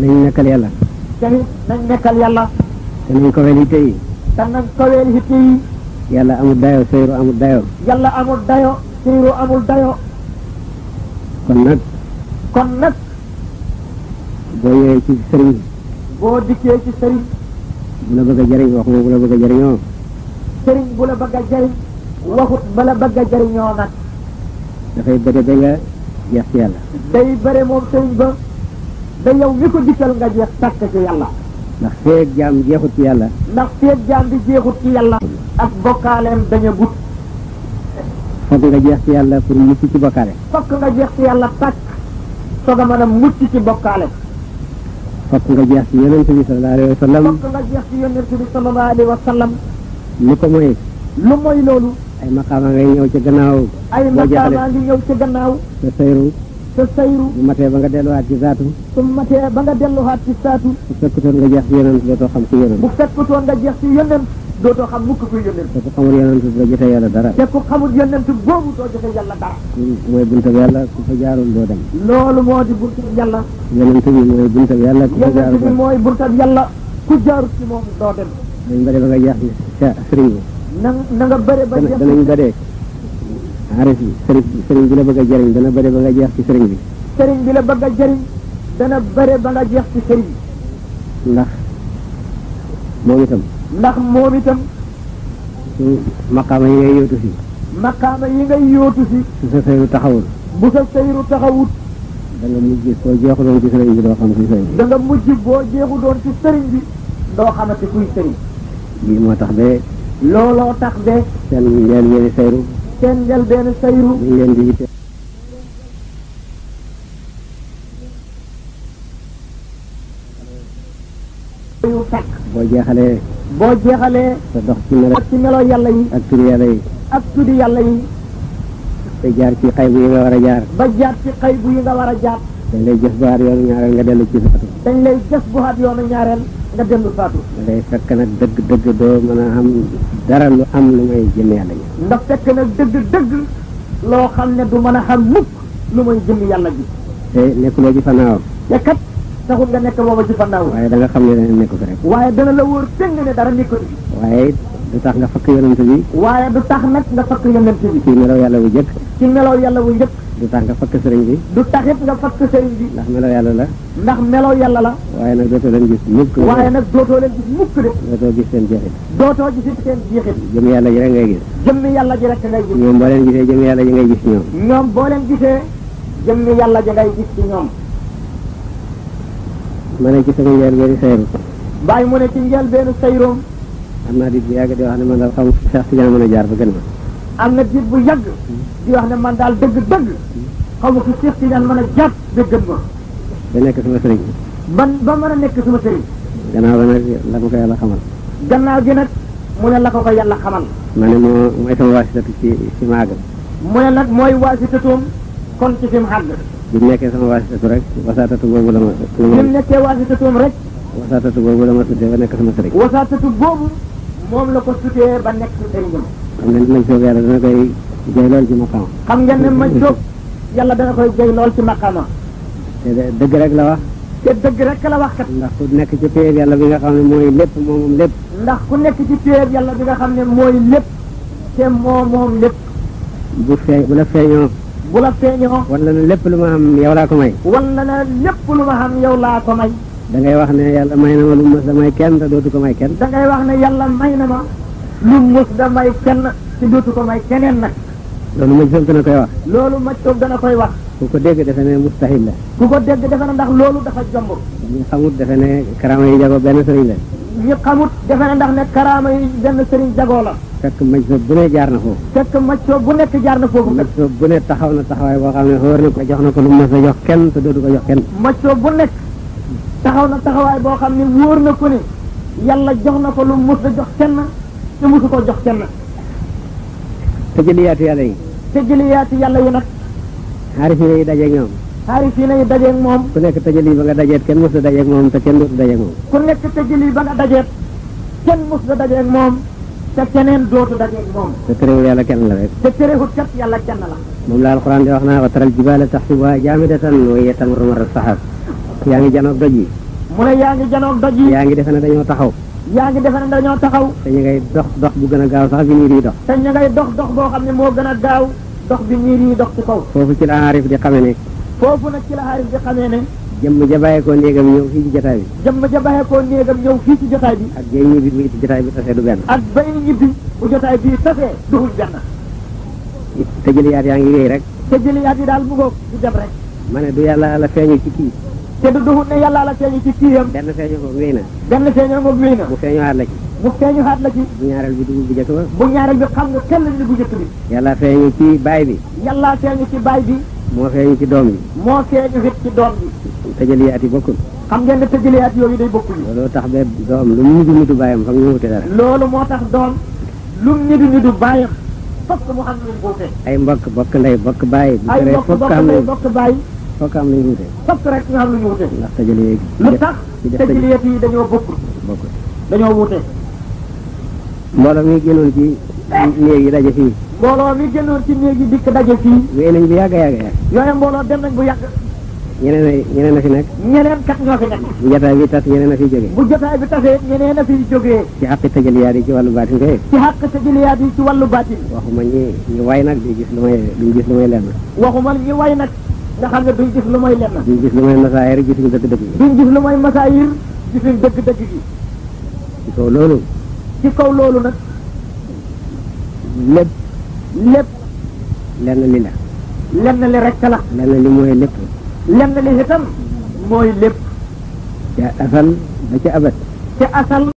nañ nekkal yàlla te nañ nekkal yàlla te nañ ko wel yitte yi te nañ ko wel yitte yi yàlla amul dayo séyru amul dayo kon nag kon nag boo ñëwee ci sëriñ boo dikkee ci sëriñ bu la bëgg a jëriñ waxu bu la bëgg a jëriñoo waxut ba la bëgg nag dafay bëri ba nga jeex ci day bëri moom sëriñ ba da yow mi ko dikkal nga jeex tàkk ci yàlla ndax feeg jaam jeexut ci yàlla ndax feeg jaam bi jeexut ci yàlla ak bokkaaleem dañ gut fokk nga jeex ci yàlla pour mucc ci bokkaale fokk nga jeex ci yàlla tàkk soga mën a mucc ci bokkaale fokk nga jeex ci yonente bi sallallahu alayhi wa sallam fokk nga jeex ci yonente bi sallallahu alayhi wa sallam lu ko moy lu moy loolu ay makama ngay ñëw ci gannaaw ay makama ngay ñëw ci gannaaw sayru tasayru sayru bu matee ba nga delluwaat ci zatu su mate ba nga delluwaat ci zatu bu fekkutoon nga jeex yenen do dootoo xam ci yenen bu fekkutoon nga jeex ci yenen do to xam mukk koy yenen ko xamul yenen do jote yalla dara te ko xamul yenen yonent bobu do jote yalla dara moy buntu yalla ku fa jaarul do dem loolu modi di yalla yenen yonent moy buntu yalla yàlla ku fa jaarul yenen bi mooy buntab yàlla ku jaarul ci mom do dem dañ bari ba nga jeex ci sëriñ bi na nga bari ba jeex xarit yi sëriñ bi la bëgg a jëriñ dana bëre ba nga jeex ci sëriñ bi sëriñ bi la bëgg a jëriñ dana bëre ba nga jeex ci sëriñ bi ndax moom itam ndax moom itam su maqaama yi ngay yóotu si maqaama yi ngay yóotu si su sa sayru taxawul bu sa sayru taxawut da nga mujj boo jeexu doon ci sëriñ bi doo xam ci sëriñ bi da nga mujj boo jeexu doon ci sëriñ bi doo xamante kuy sëriñ lii moo tax de looloo tax de seen ngeen yéene sayru seen njëlbéenu sayru. ñu ngi leen di yitte. boo jeexale boo jeexale te dox ci melo ci yi. ak turi yàlla yi. ak turi yàlla yi. te jaar ci xaybu yi nga war a jaar. ba jaar ci bu yi nga war a jaar. dañ lay jëf bu xaat yoonu ñaareel nga dellu ci dañ lay jëf bu xaat yoonu ñaareel. nga dellu faatu day fekk nag dëgg dëgg doo mën a am dara lu am lu may jëm yàlla ji ndax fekk nag dëgg dëgg loo xam ne du man a xam mukk lu may jëm yàlla ji te nekkuloo ji fanaaw te kat taxul nga nekk booba waaye da nga xam ne dana nekk ko rek waaye dana la wóor tëng ne dara nekkul waaye du tax nga fakk yonent bi waaye du tax nag nga fakk yonent bi ci nelaw yàlla wu jëkk ci nelaw yàlla wu jëkk du tax nga fakk sëriñ bi du taxit nga fakk sëriñ bi ndax melo yàlla la ndax melo yàlla la waaye nag dootoo leen gis mukk waaye nag dootoo gis de dootoo gis seen jeexit dootoo gisit seen jeexit jëm yàlla ji rek ngay gis jëmmi yàlla ji rek ngay gis ñoom boo leen gisee jëmmi yàlla ji ngay gis ñoom ñoom boo leen gisee jëmmi yàlla ji ngay gis ci ñoom ma ne ci sama njël beeni sayru bàyyi mu ne ci njël beenu sayroom am naa di bu yàgg di wax ne man daal xam Cheikh Tidiane mën a jaar ba gën ma am na diir bu yàgg di wax ne man daal dëgg-dëgg xaw ma ku Cheikh Tidiane mën a jàpp dëggam ma. ba nekk sama sëriñ. man ba mën a nekk sama sëriñ. gannaaw nag la ko ko yàlla xamal. gannaaw gi nag mu ne la ko ko yàlla xamal. ma ne moo mooy sama waasitatu ci ci maagal. mu ne nag mooy waasitatoom kon ci fi mu àgg. bi mu nekkee sama waasitatu rek wasaatatu boobu la ma. bi mu nekkee waasitatoom rek. wasaatatu boobu la ma tuddee ba nekk sama sëriñ. wasaatatu boobu moom la ko tuddee ba nekk sëriñam. xam ngeen maj soob yàlla dana koy jay lool ci maqaama xam ngeen ne maj soob yàlla dana koy jay lool ci maqaama te dëgg rek la wax te dëgg rek la wax kat ndax ku nekk ci péyeb yàlla bi nga xam ne mooy lépp moo moom lépp ndax ku nekk ci péyeb yàlla bi nga xam ne mooy lépp te moo moom lépp bu feeñ bu la feeñoo bu la feeñoo wala na lépp lu ma xam yow laa ko may wala na lépp lu ma xam yow laa ko may da ngay wax ne yàlla may na ma lu ma may kenn te dootu ko may kenn da ngay wax ne yàlla may na ma lu mus da may kenn ci dootu ko may keneen nag loolu maj soog dana koy wax loolu maj soog dana koy wax ku ko dégg defe ne mustahil la ku ko degg defe ne ndax loolu dafa jomb ñu xamut defe ne karaama yu jago benn sëriñ la ñu xamut defe ne ndax ne karaama yu benn sëriñ jagoo la fekk maj soob bu ne jaar na foofu fekk maj soob bu nekk jaar na foofu maj soob bu taxaw na taxawaay boo xam ne ko jox na ko lu mas a jox kenn te dootu ko jox kenn maj soob bu nekk taxaw na taxawaay boo xam ne wóor na ko ni yàlla jox na ko lu mus a jox kenn te musu ko jox kenn tejliyaatu yàlla yi tejliyaatu yàlla yi nag xaarifina yi dajeeg ñoom xaarifina yi dajeeg moom ku nekk tejli ba nga dajeet kenn musu dajeeg moom te kenn musu dajeeg moom ku nekk tejli ba nga dajeet kenn musu dajeeg moom te keneen dootu dajeeg moom te terewul yàlla kenn la rek te terewul kat yàlla kan, kenn la moom alquran di wax naa wa taral jibaala yang jaamidatan wa hiya tamurru rumah sahab yaa ngi janoog doj yi mu ne yaa ngi janoog doj yi yaa ngi defe ne dañoo taxaw yaa ngi defe ne dañoo taxaw sa ñu ngay dox dox bu gën a gaaw sax bi niir yi dox te ñu ngay dox dox boo xam ne moo gën a gaaw dox bi niir yi dox ci kaw foofu ci la aarif di xamee ne foofu nag ci la aarif di xamee ne jëmm ja bàyyeekoo néegam ñëw fii ci jotaay bi jëmm ja bàyyeekoo néegam ñëw fii ci jotaay bi ak jay ñibbi bu bi tasee du benn ak bay ñibbi bu jotaay bi tasee duxul benn te jëliyaat yaa ngi wéy rek te jëliyaat yi daal mu ngoog di rek ma du yàlla la feeñu ci kii te du duxut ne yàlla la feeñu ci kiiyam benn feeñu ko wéy na benn feeñoo ngoog wéy na bu feeñu xaat la ci bu ñaareel bi dugub bu njëkk ba bu ñaareel bi xam nga kenn li bu njëkk bi yàlla feeñu ci baay bi yàlla feeñu ci baay bi moo feeñu ci doom bi moo feeñu it ci doom bi tëjëli at yi bokkul xam ngeen ne yooyu day bokkul loolu ba doom lu mu nidu nidu loolu moo tax doom lu mu nidu nidu bàyyam fokk mu xam ne ay mbokk bokk ndey bokk bàyyi ay mbokk bokk ndey bokk bàyyi fokk am luy wute fokk rek nga xam lu ñu wute ndax tajali yeeg lu tax tajaliyeet yi dañoo bokkul bokkul dañoo wute mbooloo mi génnoon ci néeg yi daje fii mbooloo mi génnoon ci néeg yi dikk daje fii wéy nañ bu yàgg yàgg yàgg mbooloo dem nañ bu yàgg ñeneen ñeneen na fi nekk ñeneen kat ñoo fi nekk bu jotaay bi tas ñeneen na fi jógee bu jotaay bi tasee ñeneen na fi jógee ci xàq tajaliyaat ci wàllu baatin kay ci xàq tajaliyaat yi ci wàllu baatin waxuma ñi ñu way nag di gis lu may duñ gis lu may lenn waxuma ñi way nag nga xam ne duñ gis lu mooy lenn. duñ gis lu mooy masaayir gisuñ dëgg-dëgg gi. duñ gis lu mooy dëgg-dëgg gi. ci kaw loolu. ci kaw loolu nag. lépp. lépp. lenn li la. lenn li rek la. lenn li mooy lépp. lenn li itam mooy lépp. ca asal ba ca abat. ca asal.